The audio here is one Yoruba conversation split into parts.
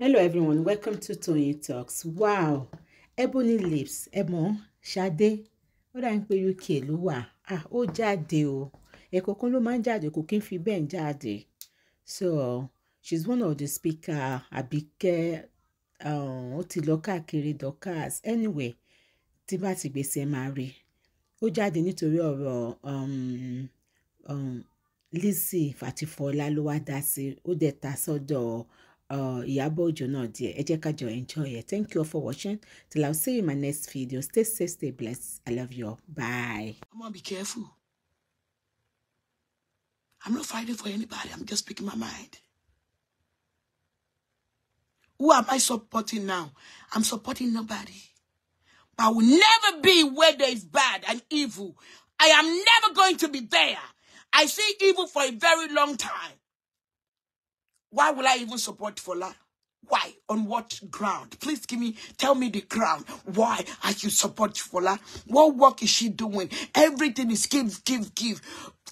hello everyone welcome to Tony Talks wow ebony lips ẹmọ Ṣadé ó dà ń pé UK ló wà ah ó jáde o ẹ̀kọ̀ọ̀kan ló máa ń jáde kò kí n fi bẹ́ẹ̀ ń jáde so she's one of the speaker Àbíkẹ́ um, ó ti lọ káàkiri Dorkas anyway tí bá ti gbèsè máa rí ó jáde nítorí ọ̀rọ̀ um, um, Lizzy Fàtífọ́lá ló wá dá sí ó dẹ̀ ta sọ́dọ̀. So Uh, Ojo náà díẹ̀ ẹ enjoy it thank you all for watching till I'll see you in my next video stay safe stay blessed I love you all bye. Mama be careful I'm not fighting for anybody I'm just speaking my mind. Who am I supporting now? I'm supporting nobody. But I will never be where there is bad and evil. I am never going to be there. I see evil for a very long time. Why will I even support Fola? Why? On what ground? Please give me, tell me the ground. Why are you support Fola? What work is she doing? Everything is give, give, give.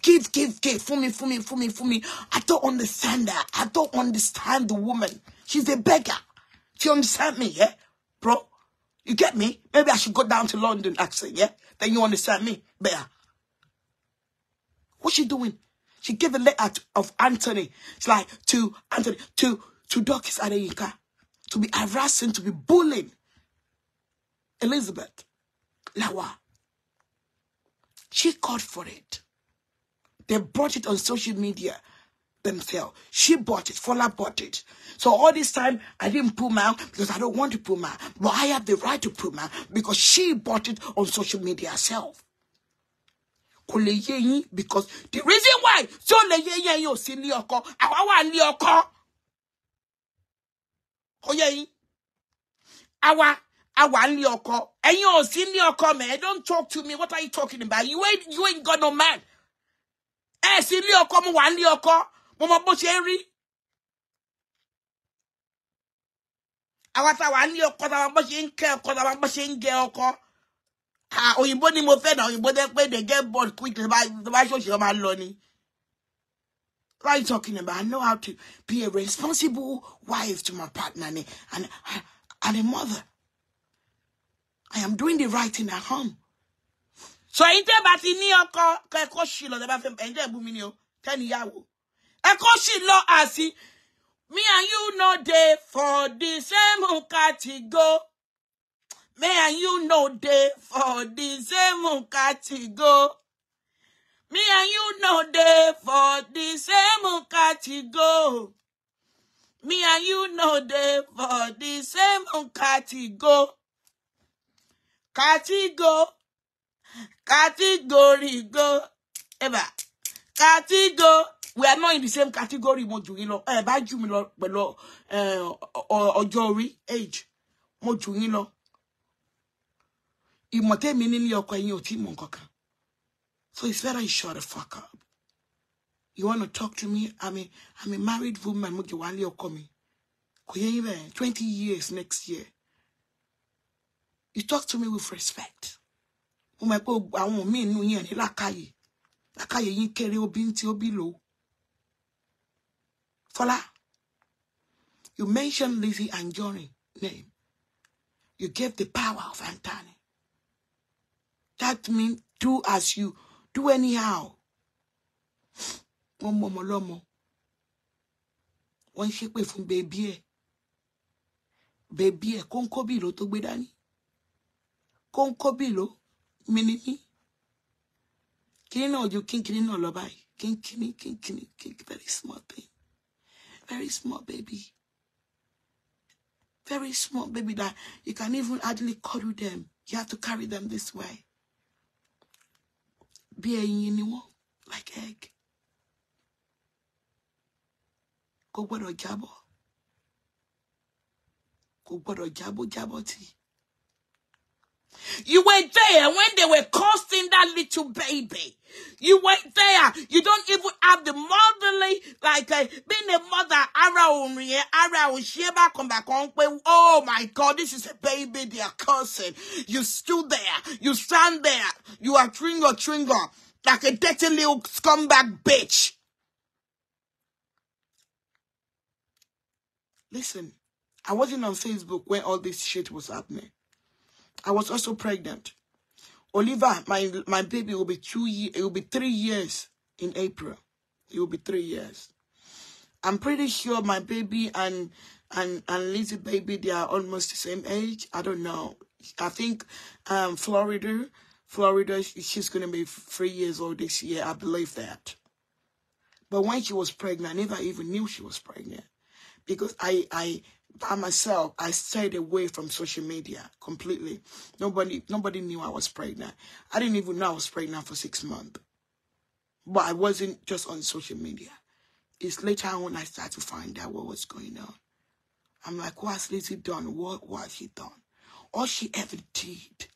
Give, give, give. For me, for me, for me, for me. I don't understand that. I don't understand the woman. She's a beggar. Do you understand me, yeah? Bro, you get me? Maybe I should go down to London, actually, yeah? Then you understand me better. What's she doing? She gave a letter to, of Anthony. It's like to Anthony, to, to Dorcas Adeyinka, to be harassing, to be bullying Elizabeth Lawa. She called for it. They brought it on social media themselves. She bought it. Fola bought it. So all this time, I didn't pull out because I don't want to pull out. But I have the right to pull out because she bought it on social media herself. kò lè yé yín because the reason why tí ó lè yé yín ẹ̀yin ò sí ní ọkọ àwa wà ní ọkọ ó yé yín àwa àwa ní ọkọ ẹ̀yin ò sí ní ọkọ mẹ don't talk to me what are you talking about you ain't you ain't got no man ẹ sì ní ọkọ mo wà ní ọkọ mo mọ bó ṣe ń rí. àwa táwa ní ọkọ táwa bó ṣe ń kẹ́ ọkọ táwa bó ṣe ń gẹ ọkọ òyìnbó ni mo fẹ́ náà òyìnbó tẹ́ pé they get bored quickly tó bá ṣòṣì ọmọ lọ ni. What are you talking about? I know how to be a responsible wife to my partner and, and, and a mother. I am doing the right thing at home. So ẹ̀yin tẹ́ bá ti ní ọkọ kẹ́kọ̀ọ́ sí lọ tẹ́ bá fẹ́ ẹ̀yin bú mi ni o tẹ́ níyàwó. sí lọ àsì. Me and you no dey for the same category me and you no dey for the same category. Me and you no dey for the same category. Me and you no dey for the same category. Category. Category go. Eba. Category. We are not in the same category mo jù yín lọ. Ẹ or jù mí lọ pẹ̀lú ọjọ́ orí age. Mo jù yín lọ ìmọ̀tẹ́mi nílé ọkọ ẹ̀yin ò tí mọ̀ nǹkan kan so it's better you shut the fuck up you want to talk to me i'm a i'm a married woman Mugi wali wà nílé mi kò yẹ yín twenty years next year you talk to me with respect mo mọ̀ pé àwọn míì nínú yẹn ní làkàyè làkàyè yín kéré obi ntí obi lò Fola you mentioned Lizzie and Johnny' name you gave the power of Anthony That mean do as you do anyhow. Wọ́n mú ọmọ lọ́mọ. Wọ́n ń ṣépè fún bèbí ẹ̀. Bèbí ẹ̀ kóńkóbìló tó gbé dání. Kóńkóbìló mímímí. Kìnìún náà ju kínkìnní náà lọ báyìí. Kínkìnní kínkìnní kínkìnní very small thing. Very small baby. Very small baby that you can even hardly cuddle them. You have to carry them this way bí ẹyin ni wọ́n like egg kò gbọ́dọ̀ jábọ́ kò gbọ́dọ̀ jábọ́ jábọ́ tí. You were there when they were cursing that little baby. You were there. You don't even have the motherly, like uh, being a mother. Ara onriye, ara oshieba come back on. Oh my God, this is a baby. They are cursing. You stood there. You stand there. You are tringo tringo like a dirty little scumbag bitch. Listen, I wasn't on Facebook when all this shit was happening. I was also pregnant. Oliver, my my baby will be two year, it will be three years in April. It will be three years. I'm pretty sure my baby and and and little baby they are almost the same age. I don't know. I think um Florida, Florida, she's gonna be three years old this year. I believe that. But when she was pregnant, I never even knew she was pregnant because I I by myself, I stayed away from social media completely. Nobody, nobody knew I was pregnant. I didn't even know I was pregnant for six months. But I wasn't just on social media. It's later on I started to find out what was going on. I'm like, what has Lizzie done? What, was she done? All she ever did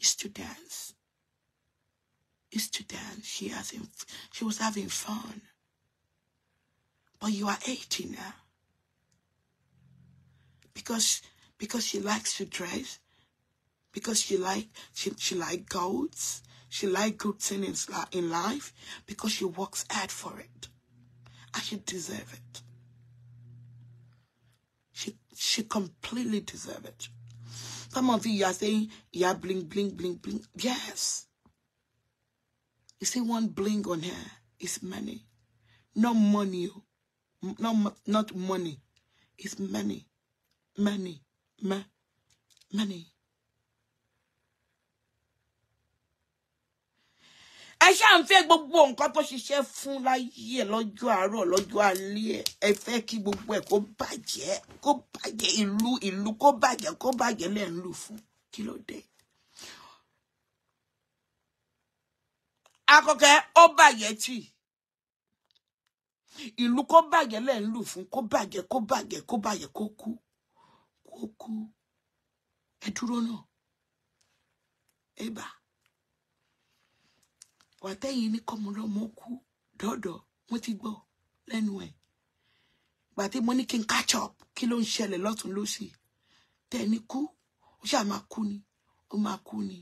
is to dance. Is to dance. She has, she was having fun. But you are eighteen now because because she likes to dress, because she like she she like goats, she like good things in, in life, because she works hard for it, and she deserve it. She she completely deserve it. Some of you are saying, yeah, bling, bling, bling, bling. Yes. You see one bling on her is money. Not money. no, not money. It's money. many, ma- many. ẹ ṣáà ń fẹ́ gbogbo nǹkan tó ṣiṣẹ́ fún láyé ẹ̀ lọ́jọ́ àárọ̀ lọ́jọ́ alẹ́ ẹ̀ ẹ fẹ́ kí gbogbo ẹ̀ kó bàjẹ́ kó bàjẹ́ ìlú ìlú kó bàjẹ́ kó bàjẹ́ lẹ́ ń lù fún kí ló dé. akọkẹ ó bàjẹ́ tì ìlú kó bàjẹ́ lẹ́ ń lù fún kó bàjẹ́ kó bàjẹ́ kó bàjẹ́ kó kú ó kú ẹ dúró náà ẹ bá wàtẹ́yìn ní kọ́mọlọ́mọ ó kú dọ́dọ̀ mo ti gbọ́ lẹ́nu ẹ̀ gbàtí mo ní kí n catch up kí ló ń ṣẹlẹ̀ lọ́tún lọ́sì tẹ̀ ní kú ó ṣáà máa kú ni ó máa kú ni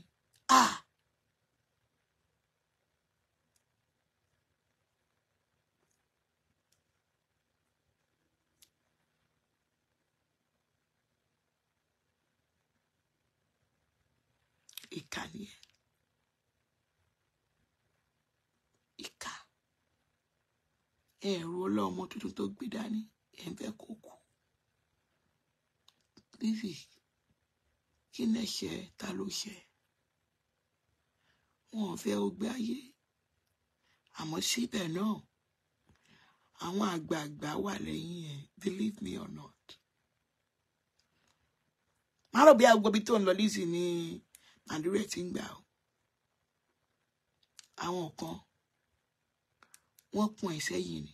ẹ̀rù ọlọ́mọ tuntun tó gbé dání ẹ̀ ń fẹ́ kó kú Lizzy kí ni ẹ̀ṣẹ̀ ta ló ṣẹ̀ wọn ò fẹ́ ogbé ayé àmọ́ síbẹ̀ náà àwọn àgbààgbà wà lẹ́yìn ẹ̀ believe me or not má rò bí agbóbi tó ń lọ Lizzy ní nàìjíríà ti ń gbà ó àwọn kan wọ́n kun ẹ̀ sẹ́yìn ni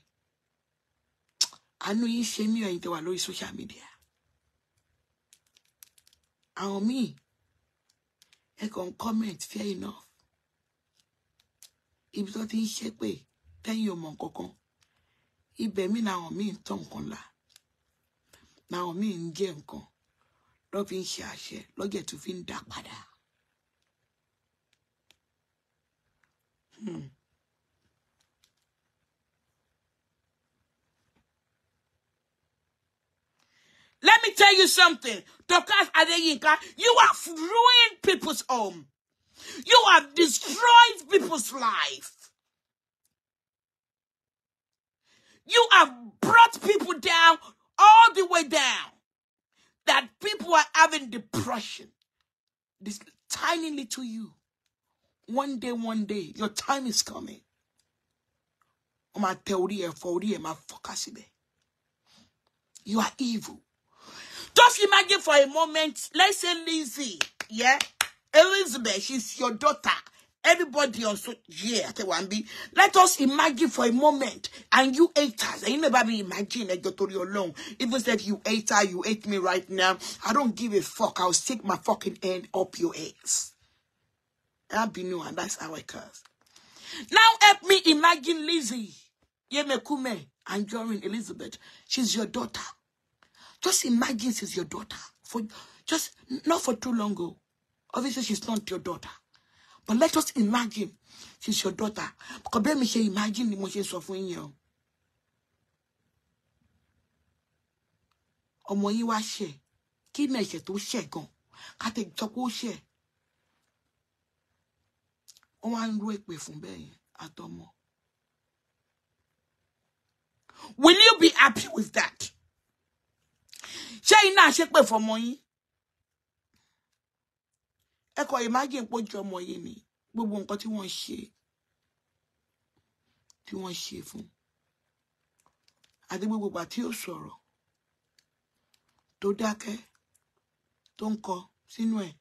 àánú yín ṣe mí ẹ̀yin tẹ́ wà lórí social media àwọn míì ẹ kàn comment fair enough ibi tó ti ń ṣépè tẹ́yìn ò mọ̀ kankan ibẹ̀ mí làwọn míì ń tàn nǹkan là làwọn míì ń jẹ nǹkan lọ́ fi ń ṣe àṣẹ lọ́jẹ̀ tó fi ń dá padà. Hmm. Let me tell you something. you have ruined people's home. You have destroyed people's life. You have brought people down all the way down. That people are having depression. This tiny little you. One day, one day, your time is coming. You are evil. Just imagine for a moment, let's say Lizzie, yeah? Elizabeth, she's your daughter. Everybody on so yeah, let us imagine for a moment, and you ate us. And you never be imagine you're eh, totally alone. Even said you ate her, you ate me right now. I don't give a fuck. I'll stick my fucking hand up your ass. That be new, and that's how it goes. Now help me imagine Lizzie, Yemekume, and Jorin Elizabeth. She's your daughter. Just imagine she's your daughter. For just not for too long ago. Oh. Obviously, she's not your daughter. But let us imagine she's your daughter. Because let me say, imagine the emotions of when you. ọmọ yín wá she, kí ni ẹ̀ṣẹ̀ tó ṣẹ̀ gan ká tẹ sọ pé ó ṣẹ̀ wọ́n wá ń rú àtọmọ. Will you be happy with that? ṣé iná àṣepè fọmọ yín ẹ kò imagine pójú ọmọ yìí ni gbogbo nǹkan tí wọ́n ṣe tí wọ́n ṣe fún àti gbogbo ìgbà tí ó sọ̀rọ̀ tó dákẹ́ tó ń kọ sínú ẹ̀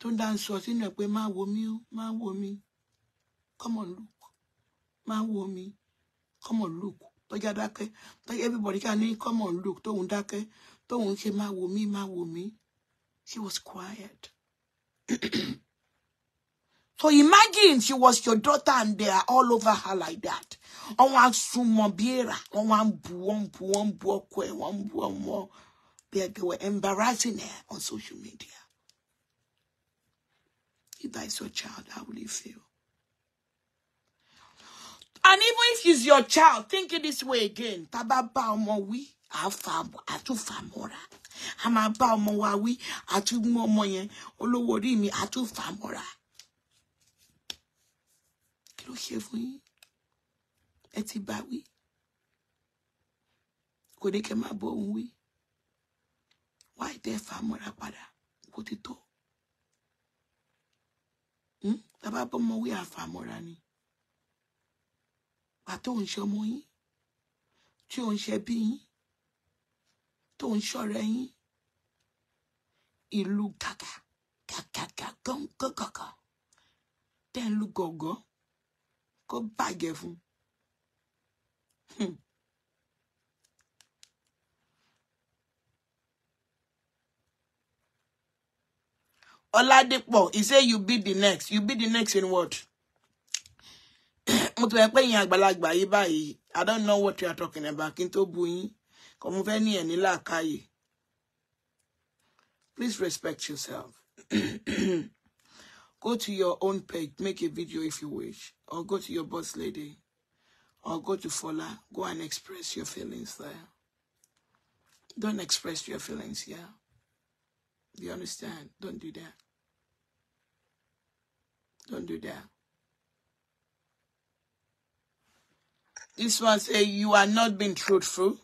tó ń dá ń sọ sínú ẹ̀ pé má wo mi ó má wo mi come on look má wo mi come on look tọ́jà dákẹ́ tọ́jà everybody ká ní come on look tóun dákẹ́ Don't máa wò mí máa wò she was quiet. so imagine she was your daughter and they are all over her like that. wọ́n wá súnmọ́ bí èrà wọ́n wá ń bu wọ́n ń bu wọ́n they they were embarrassing her on social media. If that is your child, how will you feel? and even if it's your child think it this way again tá bá bá ọmọ wí àtúfàmọ́ra a máa bá ọmọ wa wí àtúmú ọmọ mi àtúfàmọ́ra kí ló ṣe fún yín ẹ ti bá wí kò ní kẹ́ máa bọ òun wí wá hmm? ni àti òun ṣe ọmọ yín tí òun ṣe bí yín tó ń ṣọ̀rẹ́ yín ìlú kàkà kàkàkà gángàngàngà tẹ́ ń lu gọ̀gọ́ kó bàjẹ́ fún un. Oladipo, hmm. he say you be the next. You be the next in what? mo ti pé àgbàlagbà I don't know what you are talking about kí tó bu yín kò mo fẹ́ ní ẹ̀ please respect yourself go to your own page make a video if you wish or go to your boss lady or go to Fola go and express your feelings there don't express your feelings here do you understand don't do that don't do that This one say you are not being truthful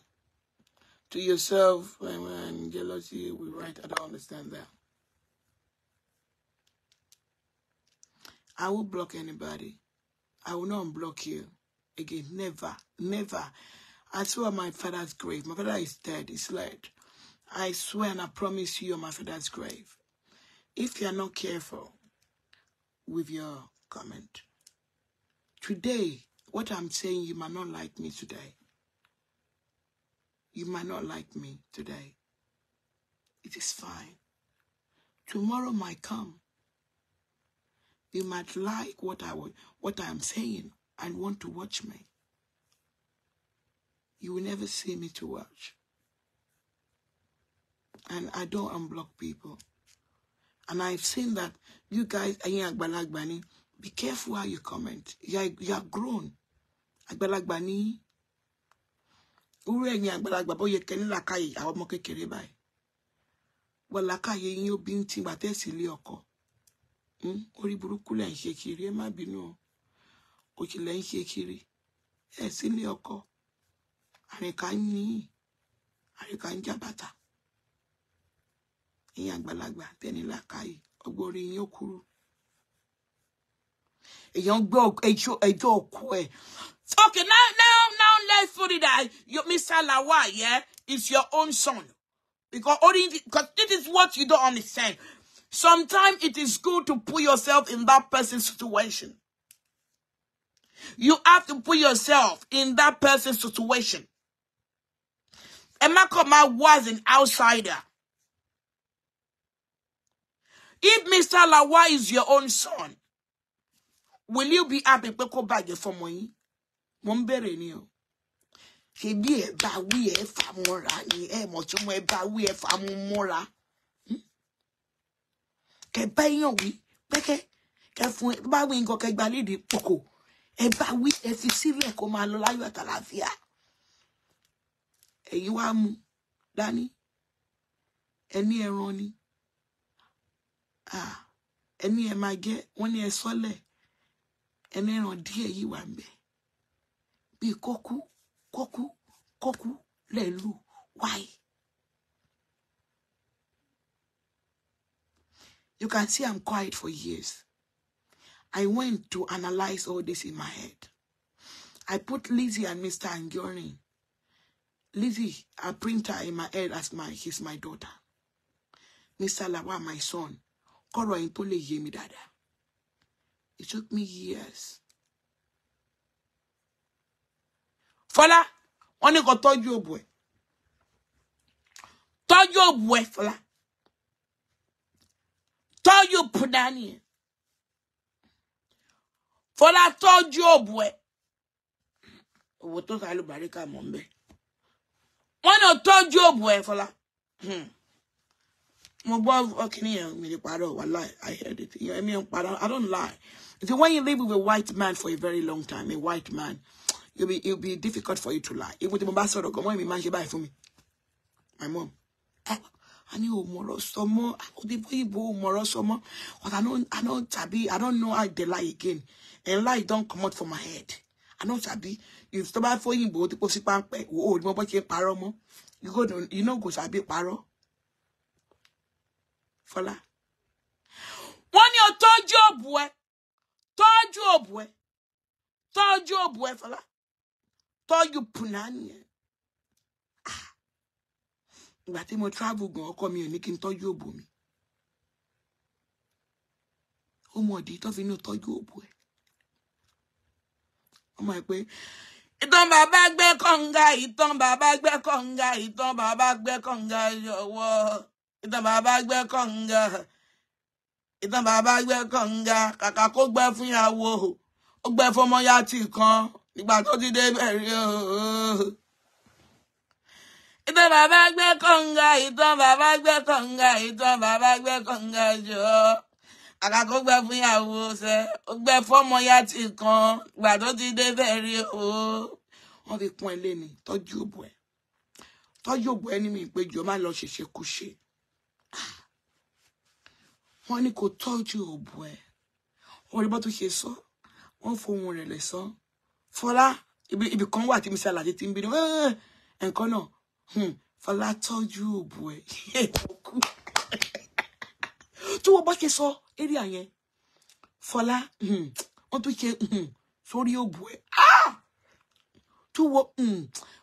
to yourself and jealousy. We write. I don't understand that. I will block anybody. I will not unblock you again. Never, never. I swear my father's grave. My father is dead. He's laid. I swear and I promise you, my father's grave. If you are not careful with your comment today, what I'm saying, you might not like me today. You might not like me today. It is fine. Tomorrow might come. You might like what I what I am saying and want to watch me. You will never see me to watch. And I don't unblock people. And I've seen that you guys, be careful how you comment. You're, you're grown. àgbàlagbà ní irú ẹ̀yin àgbàlagbà bó yẹ kẹ́ ní làákàyè àwọn ọmọ kékeré báyìí wà làákàyè yín ó bí ń tìgbà tẹ̀sí ilé ọkọ hmm? orí burúkú lẹ̀ ń ṣe kiri ẹ má bínú o òkè lẹ̀ ń ṣe kiri ẹ sílé ọkọ àrìnká ń yín àrìnká ń jábàtà ìyẹn àgbàlagbà tẹ́ni làákàyè ọgbọ́n orí yín ó kúrú A young girl, a girl, òkú ẹ̀. okay now now now let's put it that you, Mr. Lawal yeah, is your own son because only because this is what you don't understand sometimes it is good to put yourself in that person's situation. You have to put yourself in that person's situation. Emakoma was an outsider. If Mr. Lawa is your own son, will you be happy pé go back for money. mo ń bèrè ni o ṣe bí ẹ bá wí e fà mọ́ra ni ẹ mọ̀ tí mo ẹ bá wí ẹ fà mú mọ́ra hmm? kẹ bá èèyàn wí pẹ́kẹ́ kẹ fún bá wí nǹkan kẹ gba lédìí pòkò ẹ bá wí ẹ fi sílẹ̀ kó máa lọ láyọ̀ àtàlàáfíà ẹ̀yin wá mú dání ẹni ẹran ni ẹni ẹ máa jẹ wọn ni ẹ sọlẹ̀ ẹni ẹran díẹ̀ yìí wà mẹ bíi kọkú kọkú kọkú lelu why? You can see I'm quiet for years. I went to analyze all this in my head. I put Lizzie and Mr. Angiorin. Lizzie, I printer her in my head as my he's my daughter. Mr. Lawa, my son. Kọ̀rọ̀ yín tó lè yé mi dáadáa. It took me years. Fola, wọ́n ní kó tọ́jú òbò ẹ̀. Tọ́jú òbò Fola Fọlá. Tọ́jú Pudani ẹ̀. Fọlá tọ́jú òbò ẹ̀. Owó tó ta ló bàríkà mọ̀ ń bẹ̀. Wọ́n Hmm mo gbọ́ ọkìnrin yẹn mi ní parọ́ wà I heard it ìyẹn mi ń I don't lie You see, when you live with a white man for a very long time, a white man, it'll be it'll be difficult for you to lie. It would be bad sort of man she buy for me. My mom. I knew more summer. I the boy more summer. But I don't I don't tabi. I don't know how they lie again. And lie don't come out from my head. I don't tabi. you stop buy for you both the posy pan oh my boy paro mo. You go down you know go sabi paro. Fọlá. When you told your boy tọ́jú òbò ẹ tọ́jú òbò ẹ fọlá tọ́jú pùnání ah. mo travel gan ọkọ mi ò ní kí n tọ́jú òbò mi ó mọ ìdí tó fi inú tọ́jú òbò ẹ ọmọ ẹ pé ìtàn bàbá gbẹ́ kànga ìtàn bàbá gbẹ́ kànga ìtàn bàbá gbẹ́ kànga yọwọ ìtàn bàbá gbẹ́ kànga ìtàn bàbá gbẹ́ kànga kàkà kó gbẹ́ fún ìyàwó ó gbẹ́ fọmọ ya tì kan nígbà tó ti dé bẹ̀rẹ̀ ooo. ìtàn bàbá gbẹ́ kànga ìtàn bàbá gbẹ́ kànga ìtàn bàbá gbẹ́ kànga jọ kàkà kó gbẹ́ fún ìyàwó ṣe ó gbẹ́ fọmọ ya tì kan nígbà tó ti dé bẹ̀rẹ̀ O wọ́n fi pọ́n ẹ lé ní tọ́jú òbò ẹ tọ́jú òbò ẹ ní mi ìpéjọ má lọ ṣèṣe kúṣe wọ́n ní kò tọ́jú òbò ẹ̀ wọ́n rí bọ́ tó ṣe sọ wọ́n fohùn rẹ̀ lẹ̀ sọ fọlá ibì kan wà tí mi ṣe àlàyé tí ń bínú nǹkan náà hmm, fọlá tọ́jú òbò ẹ̀ tí wọ́n bá ṣe sọ eré àyẹn fọlá hmm, wọ́n tún ṣe hmm, sórí òbò ẹ̀ ah! tí wọ́n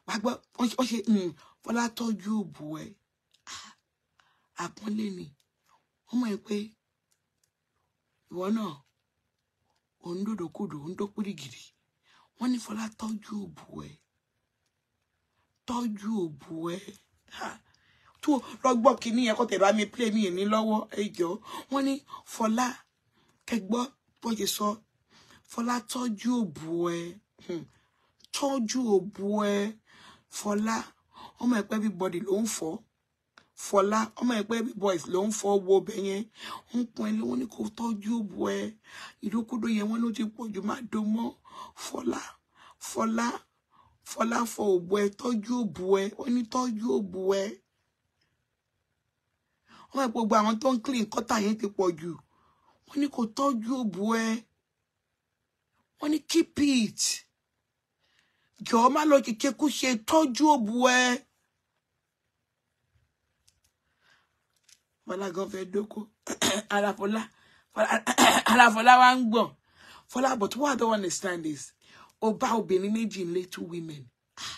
wá gbọ́ wọ́n ṣe fọlá tọ́jú òbò ẹ̀ ah, àpọ́nlé ni wọ́n mọ̀ pé ìwọ náà ò ń dòdòkudò ò ń dópìrìgìrì wọ́n ní Fọlá tọ́jú òbú ẹ tọ́jú òbú ẹ tó lọ́gbọ́ kínní yẹn kọ́ tẹ̀ bá mi plé mi yẹn ní lọ́wọ́ ẹjọ́ wọ́n ní Fọlá kẹgbọ́ bó ṣe sọ Fọlá tọ́jú òbú ẹ hmm. tọ́jú òbú ẹ Fọlá ọmọ ẹ̀pẹ́ bí bọ́dì ló ń fọ́. Fọlá ọmọ ẹgbẹ́ boys ló ń fọwọ́ ọbẹ̀ yẹn ń kun ẹ lé wọn ní kó tọ́jú òbò ẹ ìdókòdó yẹn wọn ló ti pọ̀ jù má do mọ́ Fọlá Fọlá Fọlá fọ òbò ẹ tọ́jú òbò ẹ ó ní tọ́jú òbò ẹ ọmọ ẹgbẹ́ gbogbo àwọn tó ń clean kọ́tà yẹn ti pọ̀ jù wọn ní kó tọ́jú òbò ẹ wọn ní keep it jọ̀ọ́ má lọ kìkẹ́kù ṣe tọ́jú òbò ẹ. Fọlágan fẹ́ dóko ara Fọlá ara Fọlá wa ń gbọ̀n Fọlá but what I don't understand is ó bá obìnrin méjì lé two women ah,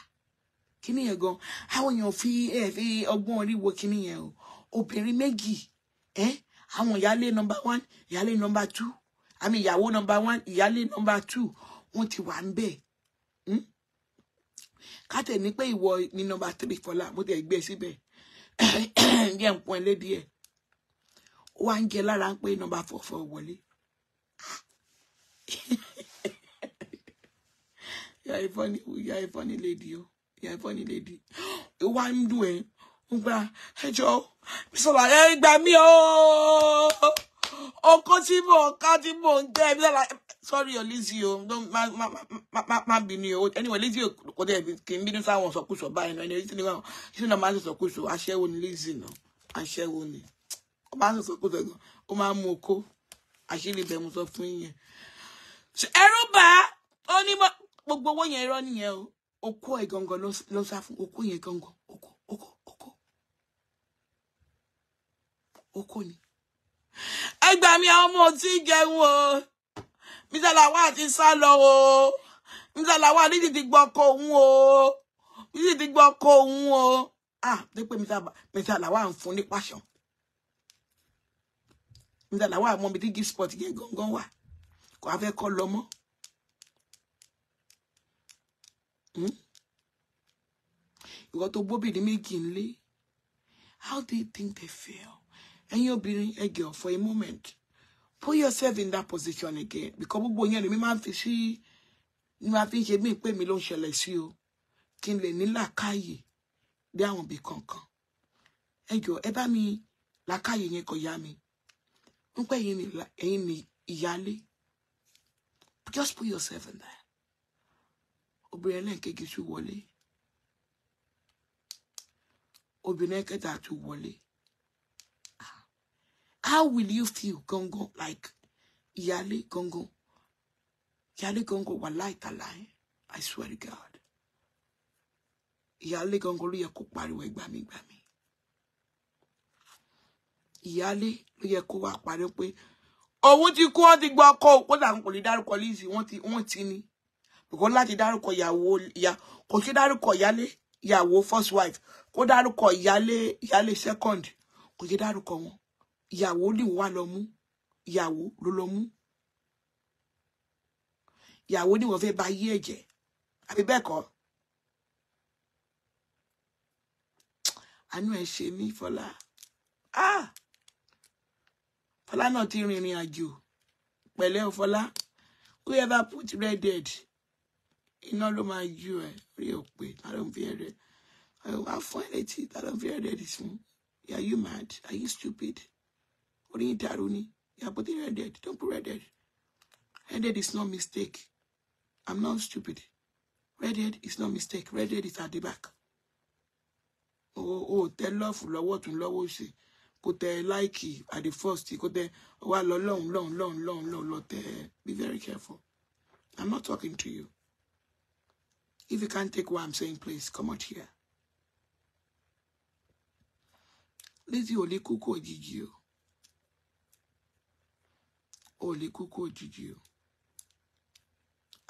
kíní yẹn gan àwọn èèyàn fi ẹ fi ọgbọ́n orí wo kíní yẹn o obìnrin méjì ẹ àwọn ìyálé number one ìyálé number two àmì ìyàwó number one ìyálé number two wọ́n ti wà ń bẹ̀ hmm? kátẹ ní pé ìwọ ni number three Fọlá mo ti ẹ gbé e síbẹ̀ yẹn ń pọn ẹ lédi ẹ wá ń jẹ lára pé nọmba fọfọ wọlé yà ìfọ ni yà lady o yà ìfọ lady ó wá ń dùn ẹ ń gba ẹjọ bísọlá ẹ gbà mí o ọkọ tí mò ń ká tí mò ń jẹ bísọlá sorry o Lizzy o má má má má bínú o anyway Lizzy o kò dé kì í bínú sáwọn sọkúsọ báyìí náà ẹni Lizzy ni wọn ṣé náà máa ń sọkúsọ aṣẹ́wó ni Lizzy náà aṣẹ́wó ni máa ń sọkó sọ̀gàn ó máa ń mú okó àṣírí ibẹ̀ mo sọ fún yín yẹn ẹ̀rù bà ó ní gbogbo owó yẹn irọ́ nìyẹn o Oko ẹ̀ gangan ló sá fún okó yẹn gangan oko, oko. Oko okó ni ẹ gbà mí àwọn ọmọ tí ń jẹun o Mr. Lawal ti sá lọ o Mr. Lawal ní ti ti ọkọ òun o ní ti ti ọkọ òun o ah dé pé Mr. Lawal ń fún ní pàṣán níta làwọn àmọ́ mi gift spot yẹn gangan wà kò á fẹ́ kọ́ lọ mọ́. Hmm? ìwọ tó gbóbìnrin méjì ń lé how do you think they feel ẹ̀yin obìnrin ẹgẹ̀ for a moment put yourself in that position again because gbogbo yẹn lèmi máa ń fi sí ni máa fi ń ṣe mí pé mi ló ń ṣẹlẹ̀ sí o kí n lè ní làákàyè bí àwọn ibì kankan ẹjọ ẹ bá mi làákàyè yẹn kò yá mi ń pẹ́ ẹ̀yin ni ìyálé just put yourself in there obìnrin ẹlẹ́ẹ̀kejì wole. wọlé obìnrin ẹ̀kẹta tún wọlé how will you feel gangan like yali, gangan Yali, gangan wà láìtàlá ẹ eh? I swear to God ìyálé gangan ló yẹ kó pariwo ẹgbàmígbàmí ìyálé ló yẹ kó wá parí pé òun ti kú wọn ti gbọ́ ọkọ kódà wọn kò lè dárúkọ Lizzy wọn ti wọn ti ni kò láti dárúkọ ìyàwó ìyá kò sí dárúkọ ìyálé ìyàwó first wife kó dárúkọ ìyálé ìyálé second kò sí dárúkọ wọn ìyàwó ni wà lọ mú ìyàwó ló lọ mú ìyàwó ni wọn fẹ́ ba yí ẹ̀jẹ̀ àbí bẹ́ẹ̀ kọ́ àánú ẹ ṣe mí fọlá ah. Fọlá náà ti rìnrìn àjò pẹ̀lẹ́ o Fọlá whoever put red head iná ló máa yú ẹ rí òpè ta ló ń fi ẹrẹ ẹ wá fún ẹ létí ta ló fún are you mad are you stupid orí yín dàrú ni yà put red head don't put red head red head is no mistake i'm not stupid red head is no mistake red head is at the back o ò tẹ lọ́ọ̀fù lọ́wọ́ tún lọ́wọ́ ṣe kó tẹ láìkì at the first kó tẹ wá lọ lọ́hùn lọ́hùn lọ́hùn lọ́hùn lọ́hùn lọ tẹ be very careful i'm not talking to you if you can't take what i'm saying please come out here Lizzie ò lè kú kú òjijì o ò lè kú kú òjijì o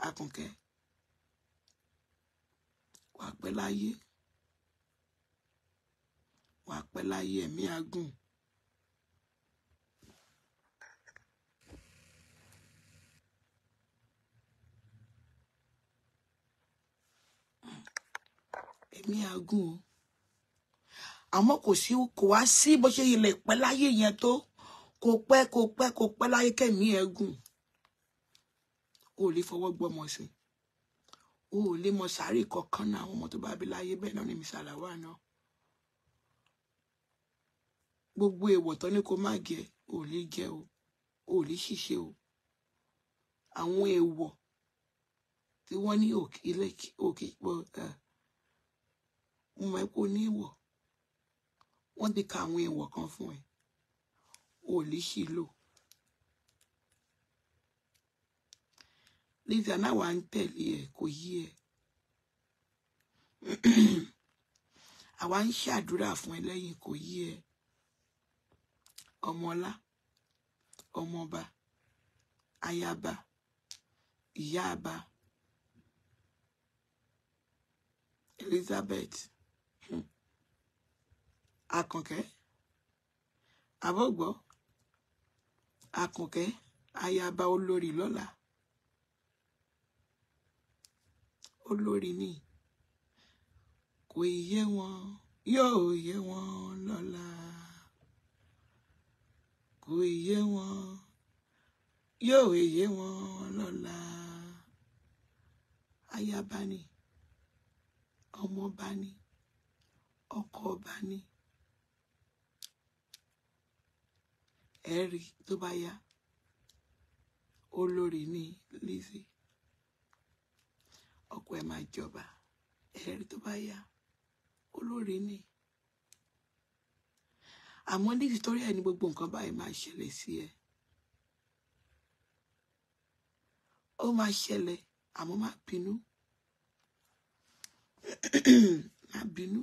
Akúnkẹ́ wàá pẹ́ láyé wàá pẹ́ láyé ẹ̀mí agùn. èmi àgùn o àmọ́ kò sí kò wá sí bó ṣe ilẹ̀ pẹ́ láyé yẹn tó kò pẹ́ kò pẹ́ kò pẹ́ láyé kẹ̀mí ẹ̀ gùn o ò lè fọwọ́ gbọ́mọ sí o ò lè mọ sàárì kankan náà àwọn ọmọ tó bá bí láyé bẹ́ẹ̀ náà ní mísàlàwà náà gbogbo èèwọ̀ tán ni kò má jẹ o ò lè jẹ o o ò lè ṣiṣẹ́ o àwọn èèwọ̀ tí wọ́n ní òkè ilé òkè mo mọ̀ pé o ní ìwọ̀ wọ́n ti ka àwọn ìwọ̀ kan fún ẹ o lè ṣì lò. Lizzy aláwa ń tẹ̀lé ẹ kò yí ẹ àwa ń ṣàdúrà fún ẹ lẹ́yìn kò yí ẹ ọmọlá ọmọba ayaba ìyáàbá Elizabeth àkànkẹ́ àbọ̀gbọ́ àkànkẹ́ ayaba olórí lọ́la olórí ni kò yé wọn yóò yé wọn lọ́la kò yé wọn yóò yé wọn lọ́la ayaba ni ọmọ ọba ni ọkọ ọba ni. ẹ rí tó bá yá olórí ní Lizzy ọkọ ẹ máa jọba ẹ rí tó bá yá olórí ní àmọ́ Lizzy torí ẹ ní gbogbo nǹkan báyìí máa ṣẹlẹ̀ sí ẹ ó máa ṣẹlẹ̀ àmọ́ má bínú má bínú.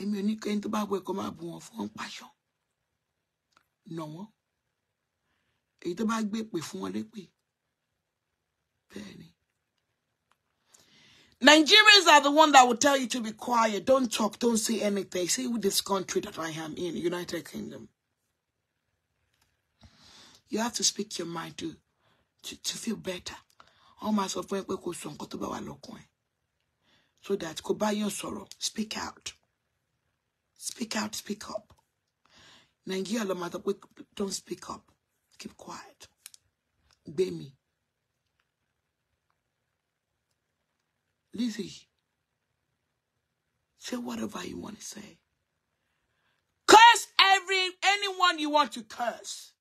èmi ò ní kẹ́ni tó bá gbọ́ ẹ̀kọ́ máa bù wọ́n fún wọn No, nà wọ́n èyí tó bá gbé pè fún wọn lépè bẹ́ẹ̀ Nigerians are the one that will tell you to be quiet. Don't talk. Don't say anything. See with this country that I am in, United Kingdom. You have to speak your mind to to, to feel better. Ọmọ àsọfún ẹ pé kò sọ nǹkan tó bá So that kò bá yàn sọ̀rọ̀, speak out. Speak out, speak up. Nigeria mother, matter don't speak up. Keep quiet. me. Lizzie. Say whatever you want to say. Curse every anyone you want to curse.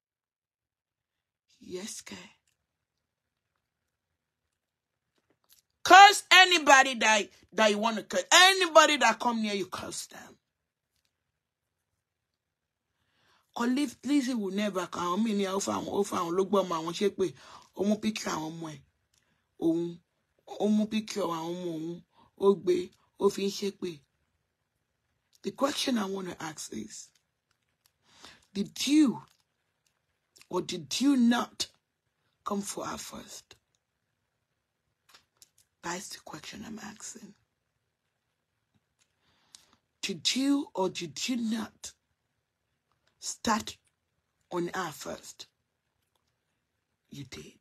Yes, okay. Curse anybody that, that you want to curse. Anybody that come near you, curse them. olive lizzy will never come. àwọn míì ní ó fa look ó fa àwọn ló gbọ́ ọmọ àwọn ṣé pé ó mú píkì àwọn ọmọ ẹ̀ òun ó mú píkì àwọn ọmọ òun ó gbé ó fi ń ṣe the question i want to ask is did you or did you not come for her first that's the question i'm asking did you or did you not start on her first. You did.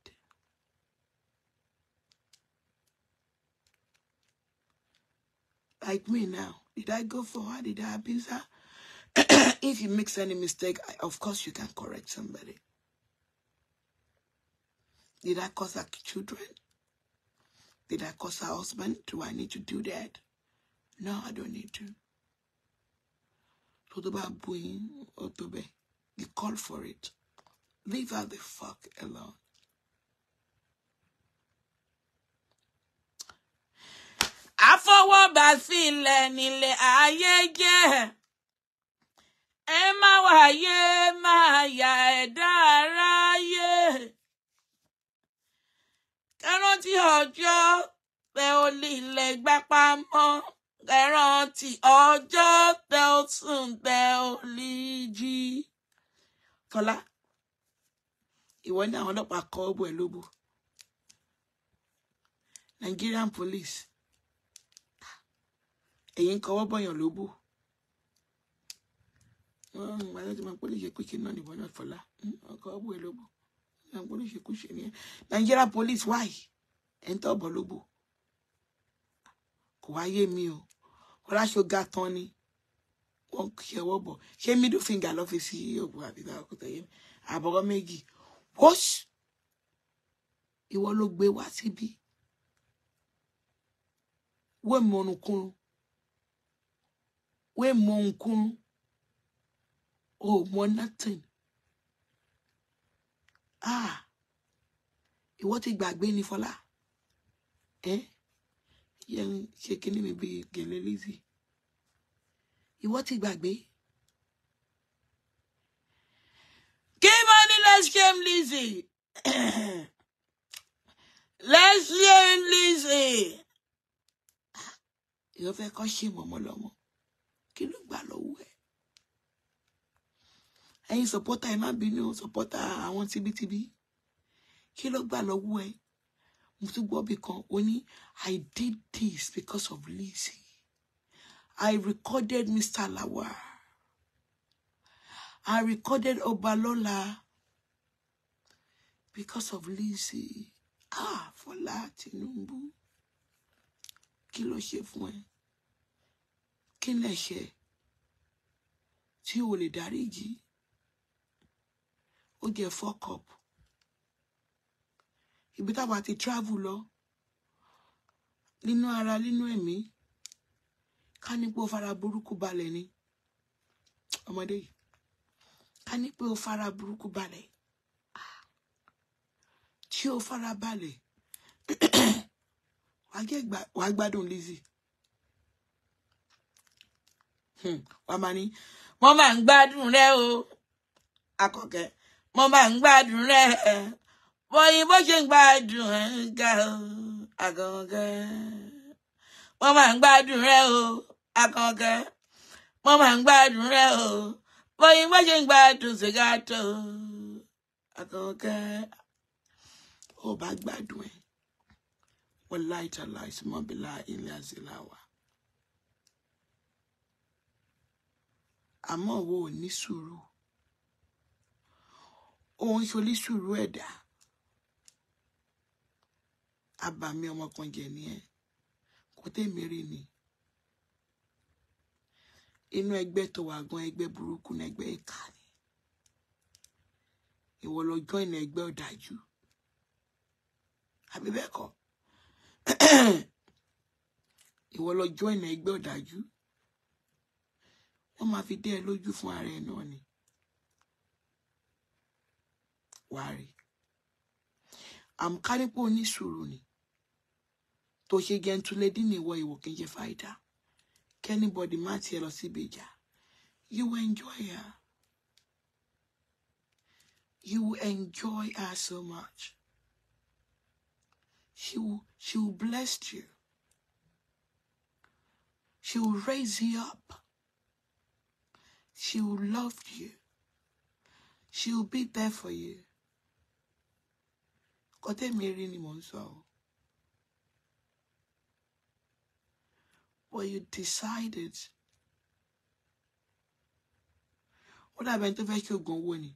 Like me now. Did I go for her? Did I abuse her? if you makes any mistake, of course you can correct somebody. Did I cause her children? Did I cause her husband? Do I need to do that? No, I don't need to. tó tó bá bu yín ó tó bẹ́ẹ̀ you call for it leave her the fuck alone. àfọwọ́bà sílẹ̀ nílé ayé jẹ́ ẹ má wáyé máa yà ẹ̀dá aráyé kẹ́rántí ọjọ́ pé ó lè lè gbápá mọ́ ẹ rántí ọjọ́ tẹ ó sùn tẹ ó lè jí. Tọ́lá ìwọ ní àwọn ọlọ́pàá kọ ọ́bù ẹ̀ lóbù Nigerian police èyí ń kọwọ́ bọ̀yàn lóbù wọ́n ti máa pólíṣe pé kí náà nìbọn náà fọlá ọkọ̀ ọ́bù ẹ̀ lóbù máa pólíṣe kú ṣe Nigerian police why ẹ̀ ń tọ́ ọ̀bọ̀ lóbù kò wá mi o ọláṣọgá tán ni wọn kì í ọwọ́ bọ̀ ṣé middle finger lọ fi sí ògùn e àbíbá òkúta yẹn àbọrọ méjì wọ́ṣ ìwọ ló gbé wá síbí wé mọ̀nùkún wé mọ̀nkún o mọ̀ nothing ah ìwọ ti gbàgbé ní fọlá ẹ. Eh? yẹn ṣe kíní mi bíi gèlè Lizzy ìwọ ti gbàgbé. Kimani let's shame Lizzy let's shame Lizzy. èèyàn fẹ́ kọ́ ṣe mọ̀mọ́lọ́mọ kí ló gbà lọ́wọ́ ẹ̀. ẹ̀yin sọ̀pọ́tà ẹ̀ má bínú sọ̀pọ́tà àwọn tibítibí kí ló gbà lọ́wọ́ ẹ̀ mo tún gbọ́ bí kan ó ní i did this because of Lizzy i recorded Mr. Lawal i recorded Obalola because of Lizzy ah Fọlá Tinubu kí ló ṣe fún ẹ kí lè ṣe tí o lè dáríjì ó jẹ fuck up ibi táwa ti travel lọ nínú ara nínú ẹ̀mí ká ní pé o fara burúkú balẹ̀ ni ọmọdé yìí ká ní pé o fara burúkú balẹ̀ tí o fara balẹ̀ wàá gbádùn Lizzy hmm, wàá máa ní wọ́n máa ń gbádùn rẹ o akọ̀kẹ́ wọ́n máa ń gbádùn rẹ bọ́yìn bó ṣe ń gbádùn ẹ̀ ń ga o àkànkẹ́ wọ́n máa ń gbádùn rẹ o àkànkẹ́ wọ́n máa ń gbádùn rẹ o bọ́yìn bó ṣe ń gbádùn sìgá tó o àkànkẹ́ ò bá gbádùn ẹ̀ wọ́n láìta láìsí mọ́bílá ilé àzìláwà. àmọ́ wo ò ní sùúrù abàmì ọmọ kan jẹ nìyẹn kò tèmi rí ni inú ẹgbẹ́ tó wà gan ẹgbẹ́ burúkú ní ẹgbẹ́ ìka ni ìwọ lọ join ẹgbẹ́ ọ̀dájú àbí bẹ́ẹ̀ kọ́ ìwọ lọ join ẹgbẹ́ ọ̀dájú wọ́n máa fi dé ẹ lójú fún ara ẹ náà ni wàá rí àmúkárípò oníṣòro ni. to ṣe jẹ́ ntúlé dín ní ìwọ ìwò kìí ṣe fàyídà kẹ́nìbọ̀dì má tiẹ̀ lọ síbi you will enjoy her you will enjoy her so much she will, she will bless you she will raise you up she will love you she will be there for you kọ́tẹ́mi rí ni mò ń but you decided. ó dàbẹ̀ tó fẹ́ ṣe oògùn owó ni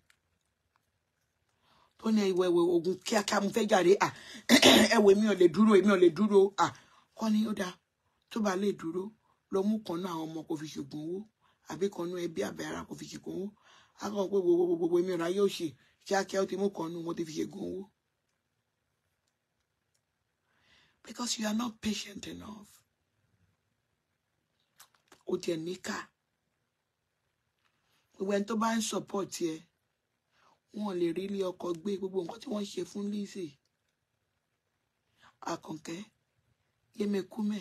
tó ní ìwẹ̀ ìwẹ̀ oògùn kíákíá mo fẹ́ jàre à ẹ̀wẹ̀ mi ò lè dúró èmi ò lè dúró à kọ́ ni ó dáa tó bá lè dúró lọ mú kan náà àwọn ọmọ kò fi ṣoògùn owó àbí kan náà ẹbí àbẹ̀ ara kò fi ṣoògùn owó akọ̀wé pé gbogbo gbogbo èmi ọ̀rá yóò ṣe kíákíá ó ti mú kan náà wọ́n ti fi ṣoògùn owó. Because you are not patient enough ó nika, níkà gbogbo ẹni tó bá ń support ẹ wọn lè rí ilé ọkọ gbé gbogbo nǹkan tí wọ́n ṣe fún Lizzy Àkànkẹ́ Yẹmẹkúmẹ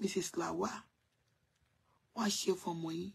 Mrs Lawa, wọ́n á ṣe fọmọ yín